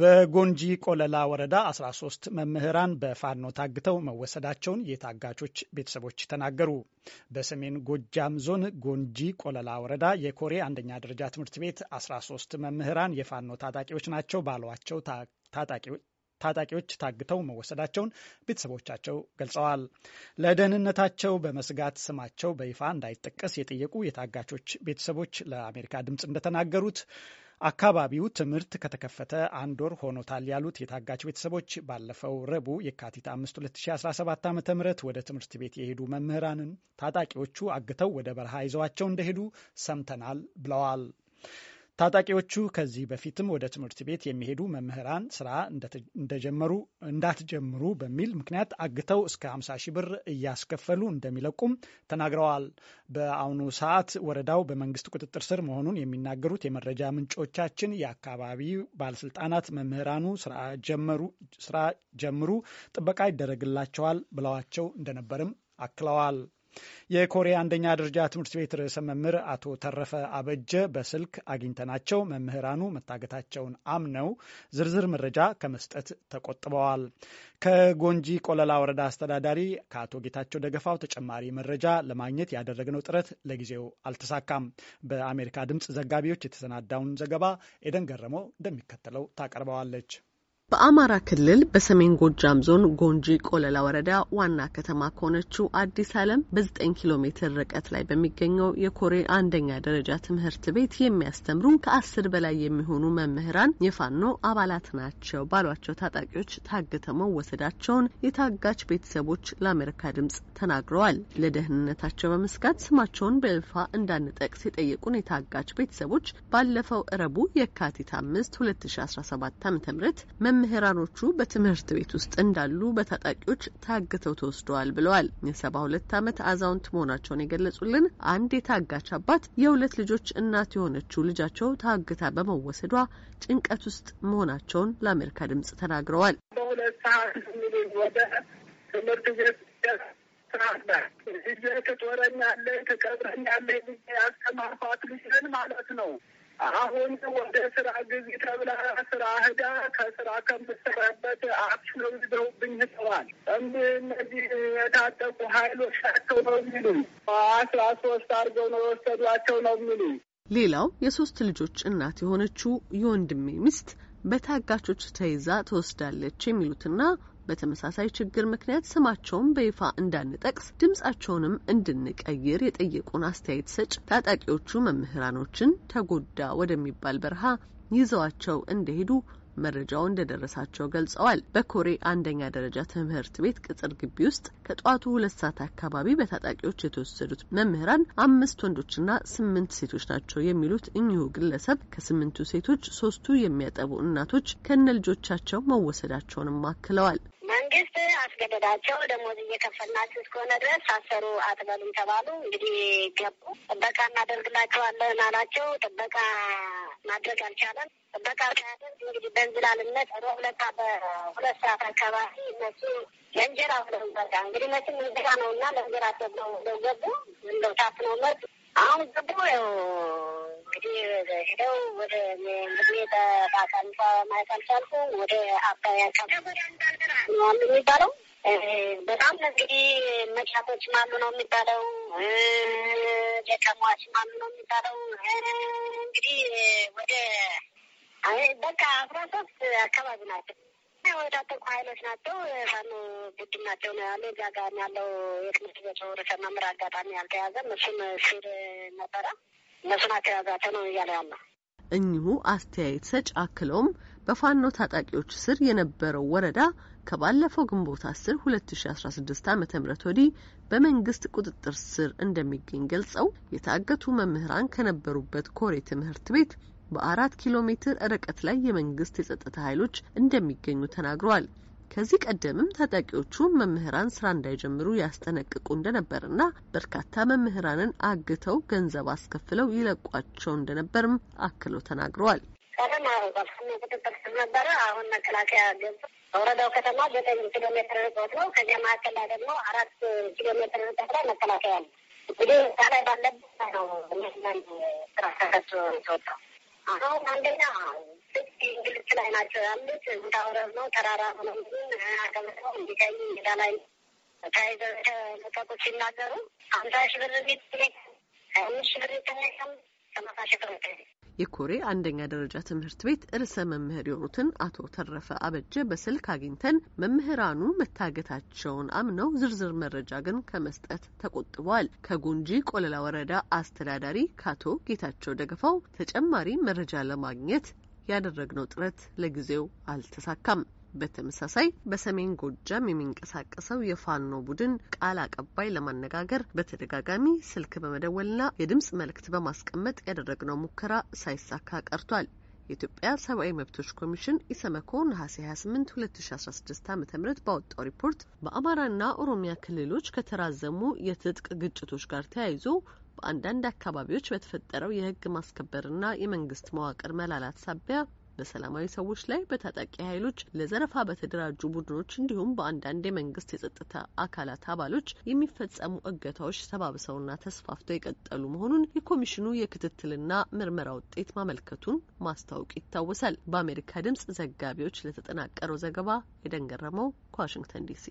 በጎንጂ ቆለላ ወረዳ 13 መምህራን በፋኖ ታግተው መወሰዳቸውን የታጋቾች ቤተሰቦች ተናገሩ። በሰሜን ጎጃም ዞን ጎንጂ ቆለላ ወረዳ የኮሬ አንደኛ ደረጃ ትምህርት ቤት 13 መምህራን የፋኖ ታጣቂዎች ናቸው ባሏቸው ታጣቂዎች ታጣቂዎች ታግተው መወሰዳቸውን ቤተሰቦቻቸው ገልጸዋል። ለደህንነታቸው በመስጋት ስማቸው በይፋ እንዳይጠቀስ የጠየቁ የታጋቾች ቤተሰቦች ለአሜሪካ ድምፅ እንደተናገሩት አካባቢው ትምህርት ከተከፈተ አንድ ወር ሆኖታል ያሉት የታጋች ቤተሰቦች ባለፈው ረቡዕ የካቲት 5 2017 ዓ ም ወደ ትምህርት ቤት የሄዱ መምህራንን ታጣቂዎቹ አግተው ወደ በረሃ ይዘዋቸው እንደሄዱ ሰምተናል ብለዋል። ታጣቂዎቹ ከዚህ በፊትም ወደ ትምህርት ቤት የሚሄዱ መምህራን ስራ እንደጀመሩ እንዳትጀምሩ በሚል ምክንያት አግተው እስከ 50 ሺህ ብር እያስከፈሉ እንደሚለቁም ተናግረዋል። በአሁኑ ሰዓት ወረዳው በመንግስት ቁጥጥር ስር መሆኑን የሚናገሩት የመረጃ ምንጮቻችን የአካባቢው ባለስልጣናት መምህራኑ ስራ ጀምሩ፣ ጥበቃ ይደረግላቸዋል ብለዋቸው እንደነበርም አክለዋል። የኮሪያ አንደኛ ደረጃ ትምህርት ቤት ርዕሰ መምህር አቶ ተረፈ አበጀ በስልክ አግኝተናቸው መምህራኑ መታገታቸውን አምነው ዝርዝር መረጃ ከመስጠት ተቆጥበዋል። ከጎንጂ ቆለላ ወረዳ አስተዳዳሪ ከአቶ ጌታቸው ደገፋው ተጨማሪ መረጃ ለማግኘት ያደረግነው ጥረት ለጊዜው አልተሳካም። በአሜሪካ ድምፅ ዘጋቢዎች የተሰናዳውን ዘገባ ኤደን ገረመው እንደሚከተለው ታቀርበዋለች። በአማራ ክልል በሰሜን ጎጃም ዞን ጎንጂ ቆለላ ወረዳ ዋና ከተማ ከሆነችው አዲስ ዓለም በ9 ኪሎ ሜትር ርቀት ላይ በሚገኘው የኮሬ አንደኛ ደረጃ ትምህርት ቤት የሚያስተምሩ ከአስር በላይ የሚሆኑ መምህራን የፋኖ አባላት ናቸው ባሏቸው ታጣቂዎች ታግተው መወሰዳቸውን የታጋች ቤተሰቦች ለአሜሪካ ድምጽ ተናግረዋል። ለደህንነታቸው በመስጋት ስማቸውን በይፋ እንዳንጠቅስ የጠየቁን የታጋች ቤተሰቦች ባለፈው እረቡ የካቲት አምስት 2017 ዓ ም መምህራኖቹ በትምህርት ቤት ውስጥ እንዳሉ በታጣቂዎች ታግተው ተወስደዋል ብለዋል። የሰባ ሁለት ዓመት አዛውንት መሆናቸውን የገለጹልን አንድ የታጋች አባት የሁለት ልጆች እናት የሆነችው ልጃቸው ታግታ በመወሰዷ ጭንቀት ውስጥ መሆናቸውን ለአሜሪካ ድምጽ ተናግረዋል። ትምህርት ቤት ትጦረኛለች፣ ትቀብረኛለች ያስተማርኳት ልጅን ማለት ነው አሁን ወደ ስራ ጊዜ ተብላ ስራ ህዳ ከስራ ከምትሰራበት አክሽኖ ይዘውብኝ ህጠዋል። እነዚህ የታጠቁ ሀይሎች ናቸው ነው የሚሉ አስራ ሶስት አድርገው ነው የወሰዷቸው ነው የሚሉ ሌላው የሶስት ልጆች እናት የሆነችው የወንድሜ ሚስት በታጋቾች ተይዛ ትወስዳለች የሚሉትና በተመሳሳይ ችግር ምክንያት ስማቸውን በይፋ እንዳንጠቅስ ድምጻቸውንም እንድንቀይር የጠየቁን አስተያየት ሰጭ ታጣቂዎቹ መምህራኖችን ተጎዳ ወደሚባል በረሃ ይዘዋቸው እንደሄዱ መረጃው እንደደረሳቸው ገልጸዋል። በኮሬ አንደኛ ደረጃ ትምህርት ቤት ቅጽር ግቢ ውስጥ ከጠዋቱ ሁለት ሰዓት አካባቢ በታጣቂዎች የተወሰዱት መምህራን አምስት ወንዶችና ስምንት ሴቶች ናቸው የሚሉት እኚሁ ግለሰብ ከስምንቱ ሴቶች ሶስቱ የሚያጠቡ እናቶች ከነ ልጆቻቸው መወሰዳቸውንም አክለዋል። መንግስት አስገደዳቸው። ደሞዝ እየከፈልናችሁ እስከሆነ ድረስ አሰሩ አትበሉም ተባሉ። እንግዲህ ገቡ። ጥበቃ እናደርግላቸዋለን አላቸው። ጥበቃ ማድረግ አልቻለም። ጥበቃ ሳያደርግ እንግዲህ በእንዝላልነት ሁለት በሁለት ሰዓት አካባቢ እነሱ ለእንጀራ ብለው በቃ እንግዲህ መቼም እንጀራ ነው እና ለእንጀራ ተብለው ገቡ። እንደው ታት ነው መጡ። አሁን ገቡ ያው እንግዲህ ሄደው ወደ ምግቤ በአካል ማየት አልቻልኩም። ወደ አባይ አካባቢ ነው የሚባለው። በጣም እንግዲህ መቻቶች አሉ ነው የሚባለው። ደቀሟች አሉ ነው የሚባለው። እንግዲህ ወደ በቃ አስራ ሶስት አካባቢ ናቸው የወዳደቁ ኃይሎች ናቸው። ፋኖ ቡድን ናቸው ነው ያለው። እዛ ጋር ያለው የትምህርት ቤቱ ርዕሰ መምህር አጋጣሚ አልተያዘም። እሱም ሲር ነበረ እነሱን አተያዛቸው ነው እያለ ያለ እኚሁ አስተያየት ሰጭ አክለውም በፋኖ ታጣቂዎች ስር የነበረው ወረዳ ከባለፈው ግንቦት 10 2016 ዓ.ም ወዲህ በመንግስት ቁጥጥር ስር እንደሚገኝ ገልጸው የታገቱ መምህራን ከነበሩበት ኮሬ ትምህርት ቤት በአራት ኪሎ ሜትር ርቀት ላይ የመንግስት የጸጥታ ኃይሎች እንደሚገኙ ተናግረዋል። ከዚህ ቀደምም ታጣቂዎቹ መምህራን ስራ እንዳይጀምሩ ያስጠነቅቁ እንደነበርና በርካታ መምህራንን አግተው ገንዘብ አስከፍለው ይለቋቸው እንደነበርም አክለው ተናግረዋል። አሁን መከላከያ ገብ ወረዳው ከተማ ዘጠኝ ኪሎ ሜትር ርቆት ነው። ከዚያ መካከል ላይ ደግሞ አራት ኪሎ ሜትር ርቀት ላይ መከላከያ ነው። እንግዲህ እዛ ላይ ባለበት ነው ሜትመንት ስራ ተከቱ አሁን አንደኛ እንግልት ላይ ናቸው ያሉት። እንዳውረብ ነው ተራራ ሆነ አገምተው እንዲገኝ ሜዳ ላይ ተያይዘው ተለቀቁት ሲናገሩ አምሳ ሺህ ብር ሚት ሀያ አምስት ሺህ ብር ተለቀም ሰማሳ ሺህ ብር የኮሬ አንደኛ ደረጃ ትምህርት ቤት ርዕሰ መምህር የሆኑትን አቶ ተረፈ አበጀ በስልክ አግኝተን መምህራኑ መታገታቸውን አምነው ዝርዝር መረጃ ግን ከመስጠት ተቆጥቧል። ከጉንጂ ቆለላ ወረዳ አስተዳዳሪ ከአቶ ጌታቸው ደገፋው ተጨማሪ መረጃ ለማግኘት ያደረግነው ጥረት ለጊዜው አልተሳካም። በተመሳሳይ በሰሜን ጎጃም የሚንቀሳቀሰው የፋኖ ቡድን ቃል አቀባይ ለማነጋገር በተደጋጋሚ ስልክ በመደወልና የድምጽ መልእክት በማስቀመጥ ያደረግነው ሙከራ ሳይሳካ ቀርቷል። የኢትዮጵያ ሰብአዊ መብቶች ኮሚሽን ኢሰመኮ ነሐሴ 28 2016 ዓ ም ባወጣው ሪፖርት በአማራና ኦሮሚያ ክልሎች ከተራዘሙ የትጥቅ ግጭቶች ጋር ተያይዞ በአንዳንድ አካባቢዎች በተፈጠረው የሕግ ማስከበርና የመንግስት መዋቅር መላላት ሳቢያ በሰላማዊ ሰዎች ላይ በታጣቂ ኃይሎች ለዘረፋ በተደራጁ ቡድኖች እንዲሁም በአንዳንድ የመንግስት የጸጥታ አካላት አባሎች የሚፈጸሙ እገታዎች ተባብሰውና ተስፋፍተው የቀጠሉ መሆኑን የኮሚሽኑ የክትትልና ምርመራ ውጤት ማመልከቱን ማስታወቅ ይታወሳል። በአሜሪካ ድምጽ ዘጋቢዎች ለተጠናቀረው ዘገባ የደንገረመው ከዋሽንግተን ዲሲ